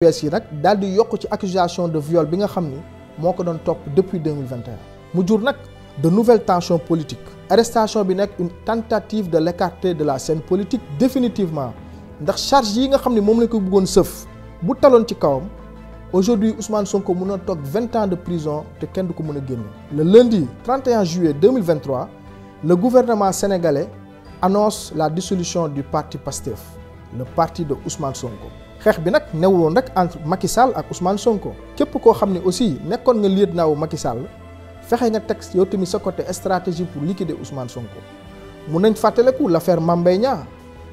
bees yi nag daal di yokk ci accusation de viol bi nga xam ni moo ko doon topp depuis 2021 mu jur nag de nouvelles tensions politique l'arrestation bi nekk une tentative de l'écarter de la scène politique définitivement ndax charge yi nga xam ne moom lañ ko bëggoon sëf bu taloon ci kawam aujourd'hui Ousmane Sonko mën a toog vingt ans de prison te kenn du ko mën a génne. le lundi 31 juillet 2023 le gouvernement sénégalais annonce la dissolution du parti PASTEF le parti de Ousmane Sonko. xeex bi nag newuloon rek entre Macky Sall ak Ousmane Sonko képp koo xam ne aussi nekkoon nga liet naawu Macky Sall fexe nga teg yow tamit sa côté stratégie pour liquider Ousmane Sonko mun nañ fàttaleku l'affaire Mame Mbaye Niang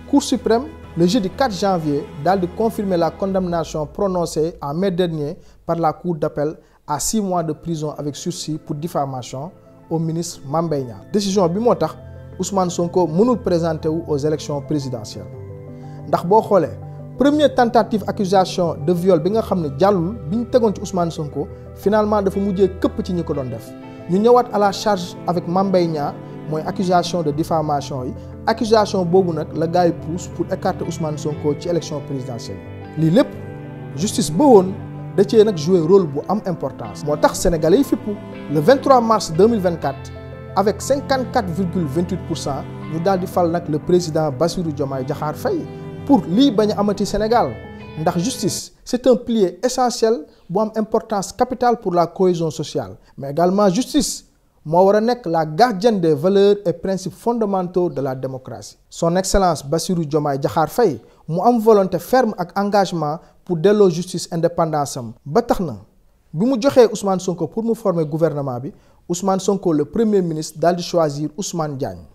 Cour suprême le jeudi 4 janvier daal di confirmer la condamnation prononcée en mai dernier par la cour d'appel à six mois de prison avec sursis pour diffamation au ministre Mame Mbaye Niang décision bi moo tax Ousmane Sonko mënul présenter wu aux élections présidentielles ndax boo xoolee première tentative accusation de viol bi nga xam ne jàllul bi ñu tegoon ci Ousmane Sonko finalement dafa mujjee këpp ci ñi ko doon def ñu ñëwaat à la charge avec Mame Mbaye Niang mooy accusation de diffamation yi accusation boobu nag la gars yi pousse pour écarter Ousmane Sonko ci élection présidentielle lii lépp justice ba woon da nag jouer rôle bu am importance moo tax sénégalais yi fippu le 23 mars 2024 avec 54 virgule 28 pour cent ñu daal di fal nag le président Bassirou Diomaye Diakhar Faye pour lii bañ amati Sénégal ndax justice c'est un plie essentiel bu am importance capitale pour la cohésion sociale mais également justice moo war a nekk la gardienne des valeurs et principes fondamentaux de la démocratie son excellence Bassirou Diomaye Diakhar fay mu am volonté ferme ak engagement pour delloo justice indépendance am ba tax na bi mu joxee Ousmane Sonko pour mu former gouvernement bi Ousmane Sonko le premier ministre daal di choisir Ousmane Diagne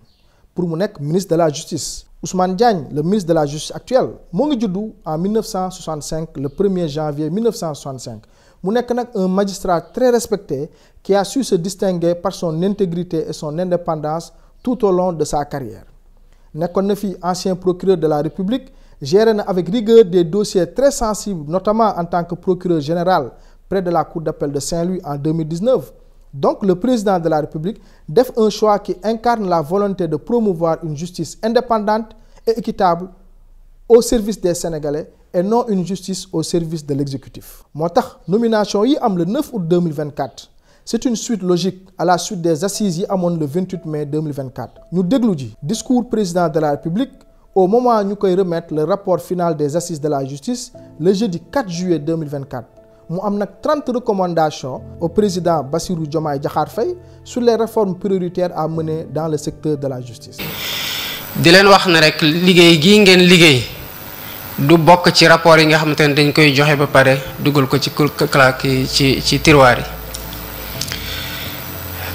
pour mu nekk ministre de la justice Ousmane Diagne le ministre de la justice actuel moo ngi juddu en 1965 le 1er janvier 1965 mu nekk nag un magistrat très respecté qui a su se distinguer par son intégrité et son indépendance tout au long de sa carrière nekkoon na fi ancien procureur de la République géré na avec rigueur des dossiers très sensibles notamment en tant que procureur général près de la cour d'appel de Saint-Louis en Donc le président de la République def un choix qui incarne la volonté de promouvoir une justice indépendante et équitable au service des Sénégalais et non une justice au service de l'exécutif. moo tax nomination yi am le 9 août 2024 c'est une suite logique à la suite des assises yi amoon le mai ñu déglu ji discours président de la République au moment ñu koy remettre le rapport final des assises de la justice le jeudi juillet mu am nag trente recommandations au président basiru Diomaye Diakhar Faye sur les réformes prioritaires à mener dans le secteur de la justice. di leen wax ne rek liggéey gii ngeen liggéey du bokk ci rapport yi nga xamante ne dañ koy joxe ba pare dugal ko ci claque ci ci tiroir yi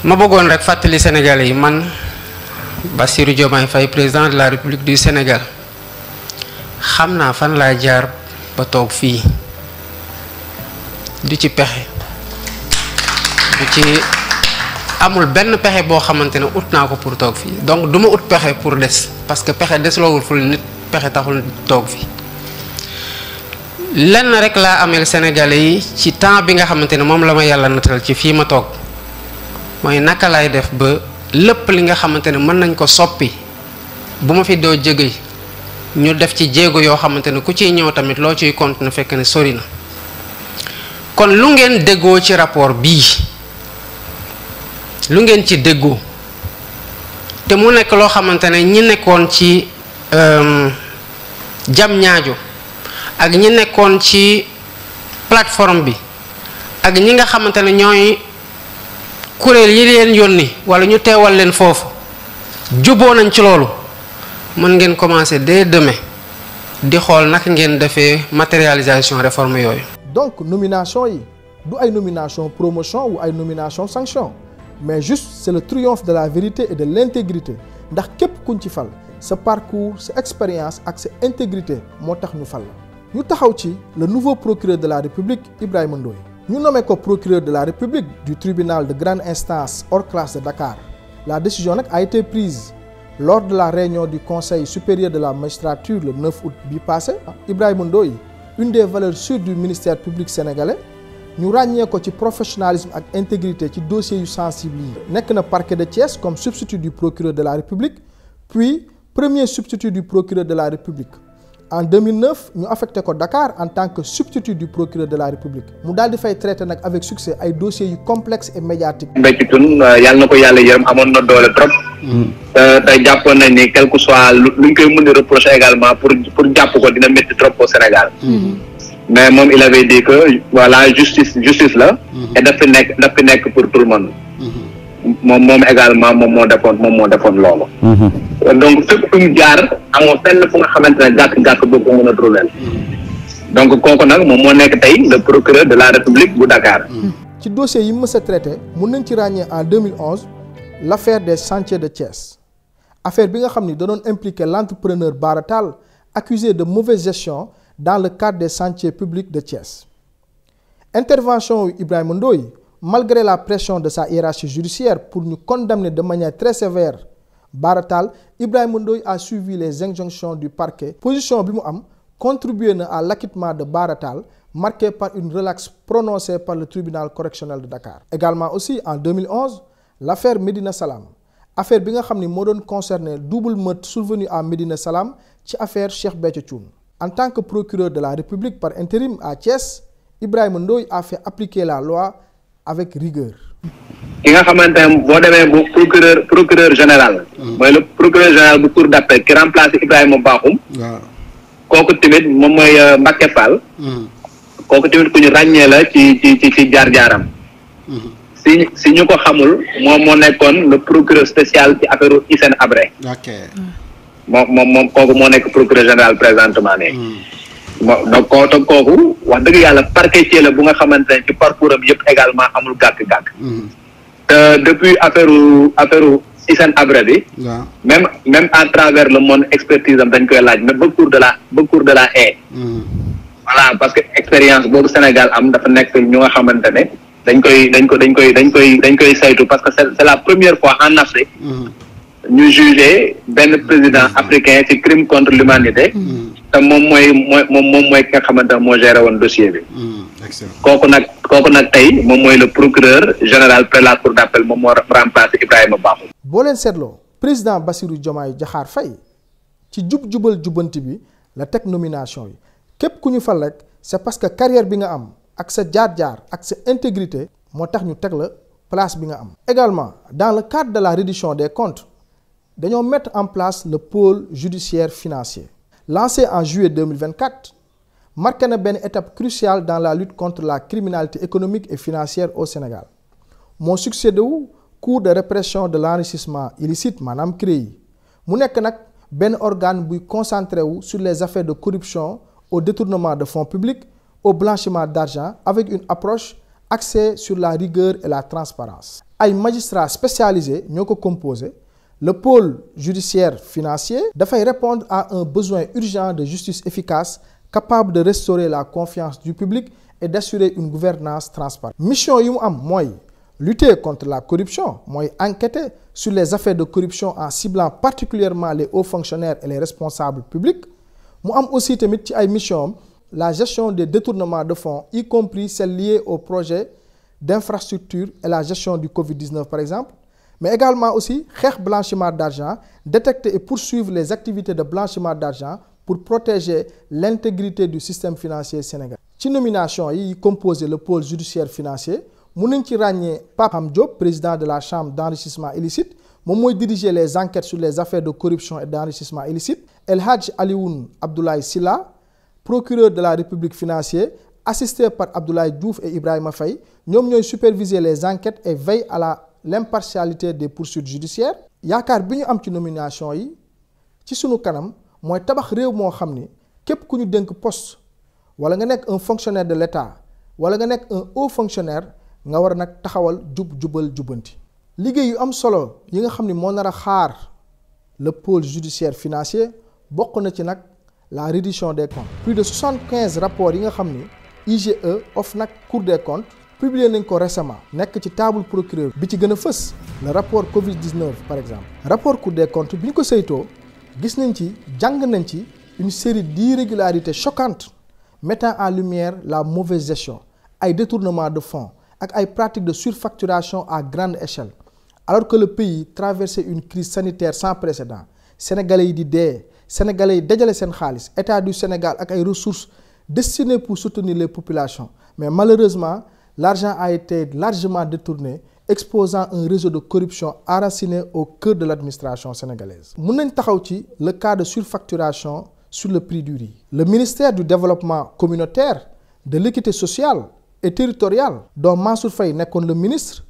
ma bëggoon rek fàttali Sénégalais yi man Bassirou Diomaye fay président de la République du Sénégal xam naa fan laa jaar ba toog fii. du ci pexe du ci amul benn pexe boo xamante ne ut naa ko pour toog fii donc du ma ut pexe pour des parce que pexe des loowul ful nit pexe taxul toog fii lenn rek laa ameel Sénégalais yi ci temps bi nga xamante ne moom la ma yàlla natal ci fii ma toog mooy naka laay def ba lépp li nga xamante ne mën nañ ko soppi bu ma fi doo jege ñu def ci jéego yoo xamante ne ku ciy ñëw tamit loo ciy compte na fekk ne sori na. kon lu ngeen déggoo ci rapport bii lu ngeen ci déggoo te mu nekk loo xamante ne ñi nekkoon ci euh, jam ñaajo ak ñi nekkoon ci plateforme bi ak ñi nga xamante ne ñooy kuréel yi leen yónni wala ñu teewal leen foofu juboo nañ ci loolu mën ngeen commencer dès demain di xool naka ngeen defee matérialisation réforme yooyu donc nomination yi du ay nomination promotion wu ay nomination sanction mais juste c'est le triomphe de la vérité et de l'intégrité ndax képp kuñ ci fal sa parcours sa expérience ak sa intégrité moo tax ñu fal la ñu taxaw ci le nouveau procureur de la République Ibrahima Ndoye ñu nome ko procureur de la République du tribunal de grande instance hors classe de Dakar la décision nag a été prise lors de la réunion du Conseil supérieur de la magistrature le 9 août bi passé Ibrahima Ndoye une des valeurs sûres du ministère public sénégalais ñu ràññee ko ci professionnalisme ak intégrité ci dossiers yu sensibles yi. nekk na parquet de Thiès comme substitut du procureur de la République puis premier substitut du procureur de la République. en 2009 ñu affecté ko Dakar en tant que substitut du procureur de la République mu daal di fay traité nag avec succès ay dossiers yu complexes et médiatiques. Mbecc Tun euh, yàlla na ko yàlla yërëm amoon na doole trop. Mm. Euh, te jàppoon nañ ni quel que soit luñ koy mën a reprocher également pour pour jàpp ko dina métti trop au Sénégal. Mm. Mm. mais moom il avait dit que voilà justice justice la. Mm-hmm. et daf fi nekk daf fi nekk pour tout le monde. Mm-hmm. moom moom également moom moo defoon moom moo defoon loolu. Mm-hmm. donc fépp fu ñu jaar amoo fenn fu nga xamante ne gàkk-gàkk boo ko mën a donc kooku nag moom moo nekk tey le procureur de la république bu Dakar. ci dossier yi mës a traité mun nañ ci ràññee en 2011 l' affaire des chantiers de Thiès affaire bi nga xam ni da doon impliqué l' entrepreneur Bara Tall accusé de mauvaise gestion dans le cadre des chantiers publics de Thiès intervention yu Ibrahima Ndoye malgré la pression de sa hiérarchie judiciaire pour ñu condamner de manière très sévère. Baratal Ibrahima Ndoye a suivi les injonctions du parquet position bi mu am contribué na à l'acquittement de Baratal marqué par une relaxe prononcée par le tribunal correctionnel de Dakar également aussi en 2011 l'affaire Médina Salam affaire bi nga xam ni moo doon concerné double meurtre survenu à Médina salaam ci affaire Cheikh Béthio en tant que procureur de la République par intérim à Thiès Ibrahima Ndoye a fait appliquer la loi avec rigueur ki nga xamante ne boo demee bu procureur procureur général. Mm. mooy le procureur général bu cour d'appel ki remplacé Ibrahima Bakhoum. kooku tamit moom mooy euh, Mbacke Fall. Mm. kooku tamit ku ñu ràññee la ci ci ci ci jaar-jaaram. Mm-hmm. si si ñu ko xamul moom moo nekkoon le procureur spécial ci affaire Hissène Habré. ok moom moom moom kooku moo nekk procureur général présentement ne. donc ko toog kooku wax dëgg yàlla parquetier la bu nga xamante ne ci parcours am yëpp également amul gàkk-gàkk. Mhm. depuis affaire affaire Hissène Habré bi. même même à travers le monde expertise am dañ koy laaj mais ba cour de la ba cour de la haie. Mhm. voilà parce que expérience boobu Sénégal am dafa nekk ñu nga xamante ne dañ koy dañ ko dañ koy dañ koy dañ koy saytu parce que c'est c'est la première fois en Afrique. Mhm. ñu jugé benn président africain ci crime contre l'humanité te moom mooy mooy moom moom mooy ki nga xamante ne moo géré woon dossier bi. Hmm, kooku nag kooku nag tey moom mooy le procureur général près la cour d'appel moom moo remplacé Ibrahima Bakhoum. boo leen seetloo président Bassirou Diomaye jaxaar Faye ci jub jubal jubanti bi la teg nomination yi képp ku ñu fa lekk c'est parce que carrière bi nga am ak sa jaar-jaar ak sa intégrité moo tax ñu teg la place bi nga am. également dans le cadre de la reddition des comptes dañoo mettre en place le pôle judiciaire financier. lancé en juillet 2024 marqué na benn étape cruciale dans la lutte contre la criminalité économique et financière au Sénégal moo succédé wu cours de répression de l'enrichissement illicite maanaam CREI mu nekk nag benn organe buy concentré wu sur les affaires de corruption au détournement de fonds publics au blanchiment d'argent avec une approche axée sur la rigueur et la transparence ay magistrats spécialisés ñoo ko composé le pôle judiciaire financier dafay répondre à un besoin urgent de justice efficace capable de restaurer la confiance du public et d'assurer une gouvernance transparente mission yi mu am mooy lutter contre la corruption mooy enquêter sur les affaires de corruption en ciblant particulièrement les hauts fonctionnaires et les responsables publics mu am aussi tamit ci ay mission la gestion des détournements de fonds y compris celles liées au projet d'infrastructure et la gestion du covid par exemple mais également aussi xeex blanchiment d'argent détecter et poursuivre les activités de blanchiment d'argent pour protéger l'intégrité du système financier sénégal ci nomination yi composé le pôle judiciaire financier mun nañ ci ràññee Pape Ham Diop président de la chambre d'enrichissement illicite moom mooy dirigé les enquêtes sur les affaires de corruption et d'enrichissement illicite El Hadj Alioune Abdoulaye Sylla procureur de la République financier assisté par Abdoulaye Diouf Ibrahima Faye ñoom ñooy superviser les enquêtes et veille à la l'impartialité des poursuites judiciaires yaakaar bi ñu am ci nomination yi ci sunu kanam mooy tabax réew moo xam ni képp ku ñu dénk poste wala nga nekk un fonctionnaire de l'État wala nga nekk un haut fonctionnaire nga war a nag taxawal jub jubal jubbanti liggéey yu am solo yi nga xam ni moo nar a xaar le pôle judiciaire financier bokk na ci nag la réduction des comptes plus de soixante-quinze rapports yi nga xam ni IGE nag Cour des comptes publier nañ ko récemment nekk ci table procureur bi ci gën a fës le rapport Covid 19 par exemple. rapport Cour des comptes bi ñu ko saytoo gis nañ ci jàng nañ ci une série d'irrégularités choquantes mettant en lumière la mauvaise gestion ay détournement de fonds ak ay pratiques de surfacturation à grande échelle alors que le pays traversait une crise sanitaire sans précédent sénégalais yi di dee sénégalais yi dajale seen xaalis état du Sénégal ak ay ressources destinées pour soutenir les populations mais malheureusement. l'argent a été largement détourné exposant un réseau de corruption enraciné au cœur de l'administration sénégalaise. mun nañ taxaw ci le cas de surfacturation sur le prix du riz. le ministère du développement communautaire de l'équité sociale et territoriale dont Mansour Faye nekkoon le ministre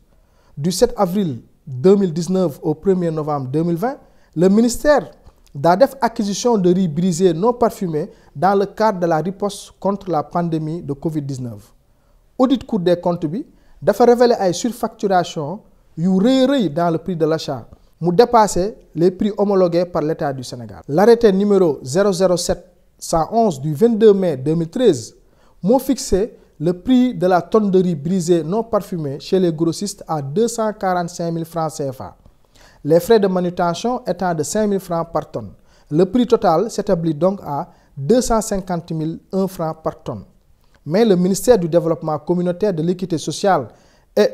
du 7 avril 2019 au 1er novembre 2020 le ministère daa def acquisition de riz brisé non parfumé dans le cadre de la riposte contre la pandémie de Covid-19. audit cour des comptes bi dafa révéler ay surfacturation yu rëy rëy dans le prix de l'achat mu dépassé les prix homologués par l'État du Sénégal l'arrêté numéro 007 111 du 22 mai 2013 moo fixé le prix de la tonne de riz brisée non parfumée chez les grossistes à 245 000 francs CFA les frais de manutention étant de 5 000 francs par tonne le prix total s'établit donc à 250 001 francs par tonne mais le ministère du développement communautaire de l'équité sociale et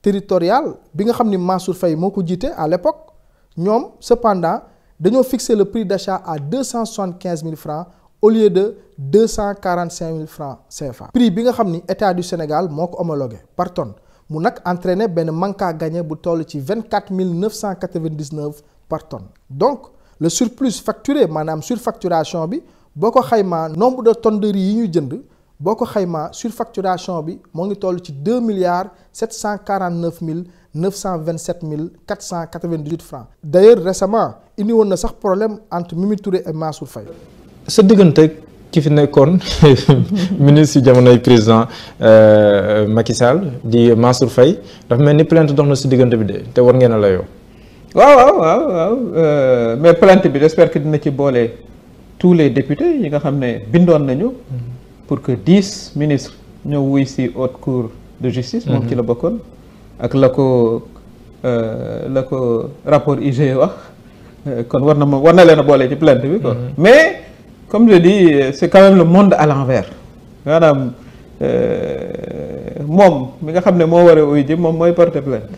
territoriale bi nga xam ni Mansour Faye moo ko jiite à l'époque ñoom cependant dañoo fixer le prix d'achat à deux cent soixante quinze mille francs au lieu de deux cent quarante cinq mille francs CFA. prix bi nga xam ni état du Sénégal moo ko homologué par tonne mu nag entraîné benn manque à bu toll ci vingt quatre mille neuf cent quatre vingt dix neuf par tonne donc le surplus facturé maanaam surfacturation bi boo ko xaymaa nombre de tonnes de yi ñu jënd. boo ko xaymaa surfacturation bi moo ngi toll ci deux milliards sept cent quarante neuf mille neuf cent vingt sept mille quatre cent quatre vingt dix huit francs d' récemment indi woon na sax problème entre Mimi Touré et Mansour Faye. sa diggante ki fi nekkoon ministre si jamonoy président euh, Macky Sall di Mansour fay dafa mel ni plainte dox na si diggante bi de te war ngeen a layoo. waaw waaw waaw euh, mais plainte bi j'espère que dina ci boole tous les députés yi nga xam ne bindoon nañu. pour que dix ministres ñëw wuy si haute cour de justice moom ci la mhm. bokkoon ak la ko euh, la ko rapport IGE wax euh, kon war na ma war na leen a boole ci plainte bi quoi mhm. mais comme je dis c'est quand même le monde à l'envers maanaam euh, moom mi nga xam ne moo war a uy moom mooy porter plainte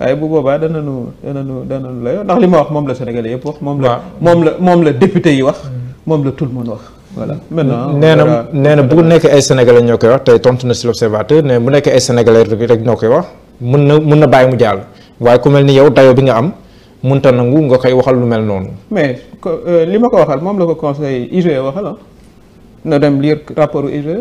waaye bu boobaa dananu dananu dananu layoo ndax li ma wax moom la sénégalais yëpp wax moom la moom la moom la député yi wax mhm. moom la tout le monde wax voilà maintenant nee na nee na bu nekkee ay sénégalais ñoo koy wax tey tontu na si l'observateur nee bu nekkee ay sénégalais rek ñoo koy wax mën na mun na bàyyi mu jàll waaye ku mel ni yow dayo bi nga am ta nangu nga koy waxal lu mel noonu. mais euh, li ma ko waxal moom la ko conseil IGE waxal ah. na dem lire rapport IGE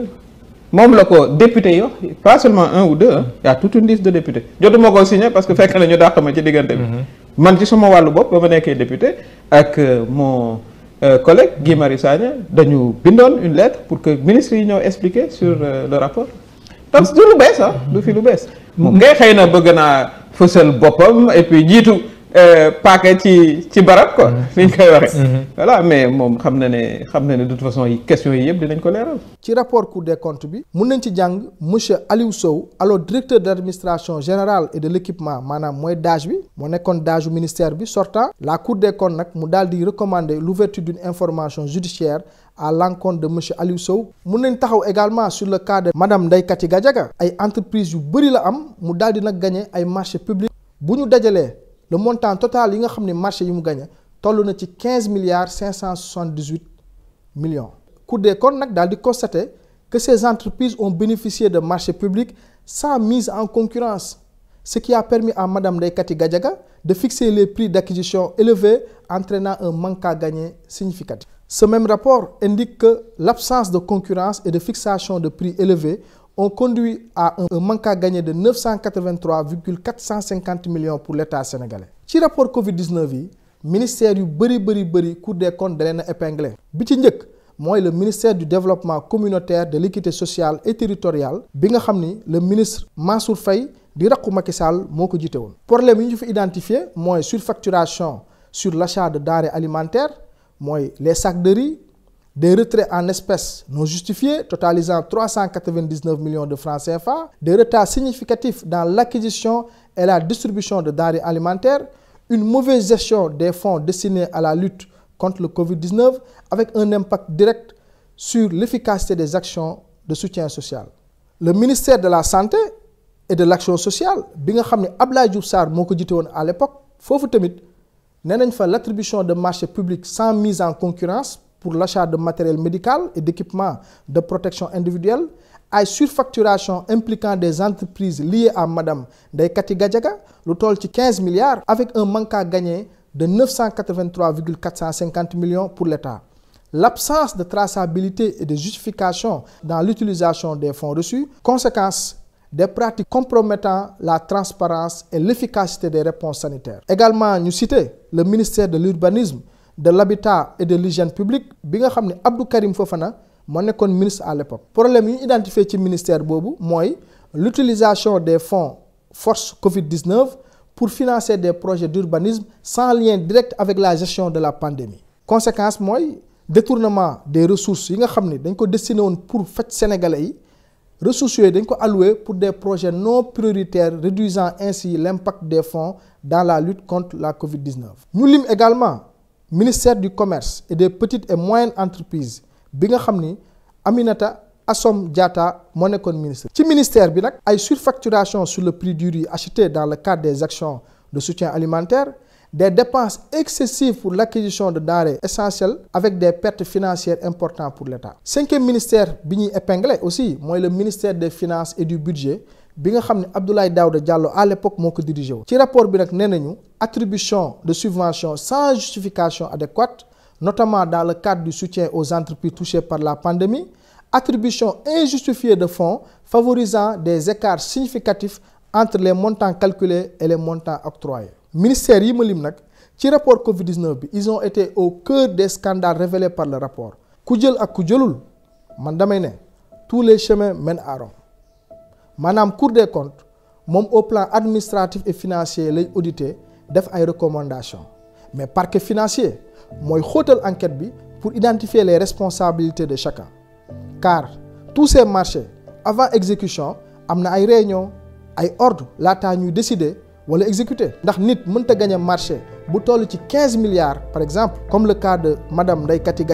moom la ko député yi wax pas seulement un ou deux ah. y a toute une liste de députés jotuma ko signé parce que fekk na ñu dàq ma ci diggante bi. Mm-hmm. man ci sama wàllu bopp ba ma nekkee député ak euh, moo. Euh, collègue Guy Marius Sagna dañu bindoon une lettre pour que ministre yi ñëw expliquer sur euh, le rapport parce que du lu bees ah du fi lu bees ngay xëy na bëgg naa fësal boppam et puis jiitu Euh, paaka yi ci barab ko mm-hmm. ni ñu koy waxee mm-hmm. voilà mais moom xam na ne xam na ne de toute façon yi question yi yëpp dinañ ko leeral ci rapport Cour de comptes bi mun nañ ci jàng monsieur Aliou Sow alors directeur d' administration général et de l' équipement maanaam mooy DAGE bi moo nekkoon DAGE ministère bi sortant la Cour des comptes nag mu daal di recommander l'ouverture d'une information judiciaire à l'encontre de monsieur Aliou Sow mun nañ taxaw également sur le cas de madame Ndeye Kati ay entreprise yu bëri la am mu daal di nag gagné ay marché public bu ñu dajalee le montant total yi nga xam ne marché yi mu gagné toll na ci quinze milliards cinq cent soixante dix huit millions. Cour des comptes nag daal di constater que ces entreprises ont bénéficié de marché publics sans mise en concurrence ce qui a permis à madame Ndeye Kati Gadiaga de fixer les prix d'acquisition élevés entraînant un manque à gagner significatif. Ce même rapport indique que l'absence de concurrence et de fixation de prix élevés ont conduit à un manque à gagner de 983,450 millions pour l'État sénégalais ci rapport Covid-19 yi ministère yu bëri bëri bëri Cour des comptes da leen bi ci njëkk mooy le ministère du développement communautaire de l'équité sociale et territoriale bi nga xam ni le ministre Mansour Faye di raqu Macky Sall moo ko jiite woon problème yi ñu fi identifié mooy surfacturation sur l'achat de denrées alimentaire mooy les sacs de des retraits en espèces moo justifiés totalisant 399 millions de francs CFA, des retards significatifs dans l'acquisition et la distribution de denrées alimentaire une mauvaise gestion des fonds destinés à la lutte contre le Covid-19 avec un impact direct sur l'efficacité des actions de soutien social. Le ministère de la Santé et de l'action sociale bi nga xam ne Abdoulaye Diouf Sarr moo ko jiite woon à l'époque foofu tamit nee nañ fa l'attribution de marchés publics sans mise en concurrence pour l'achat de matériel médical et d'équipements de protection individuelle, ay surfacturation impliquant des entreprises liées à Madame Ndeye Kati Gadiaga lu toll ci 15 milliards avec un manque à gagner de 983,450 millions pour l'État. L'absence de traçabilité et de justification dans l'utilisation des fonds reçus, conséquence des pratiques compromettant la transparence et l'efficacité des réponses sanitaires. Également, ñu citer le ministère de l'urbanisme de l'habitat et de l'hygiène publique bi nga xam ne Abdou Karim na moo nekkoon ministre à l'époque problème yi ñu identifié ci ministère boobu mooy l'utilisation des fonds force Covid-19 pour financer des projet d'urbanisme sans lien direct avec la gestion de la pandémie conséquence mooy détournement des ressources yi nga xam ni dañ ko destiné woon pour faj sénégalais yi ressources yooyu dañ ko alloué pour des projet non prioritaires réduisant ainsi l'impact des fonds dans la lutte contre la Covid-19 ñu lim également ministère du commerce et des petites et moyennes entreprises bi nga xam ni Aminata Assome Diatta moo nekkoon ministre. ci ministère bi nag ay surfacturation sur le prix du riz acheté dans le cadre des actions de soutien alimentaire des dépenses excessives pour l'acquisition de denrées essentielles avec des pertes financières importantes pour l'État. cinquième ministère bi ñuy épinglé aussi mooy le ministère des finances et du budget. bi nga xam ne Abdoulaye Daouda Diallo à l'époque moo ko dirigé woon ci rapport bi nag nee nañu attribution de subvention sans justification adéquate notamment dans le cadre du soutien aux entreprises touchées par la pandémie attribution injustifiée de fonds favorisant des écarts significatifs entre les montants calculés et les montants octroyés ministère yi ma lim nag ci rapport Covid-19 bi ils ont été au cœur des scandales révélés par le rapport ku jël ak ku jëlul man damay ne tous les chemins mènent à maanaam cour des comptes moom au plan administratif et financier lay audité def ay recommandation mais parquet financier mooy xóotal enquête bi pour identifier les responsabilités de chacun car tous ces marchés avant exécution am na ay réunion ay ordre laataa ñuy décider wala exécuter ndax nit mënta gañe marché bu toll ci quinze milliards par exemple comme le cas de madame Ndeye Kati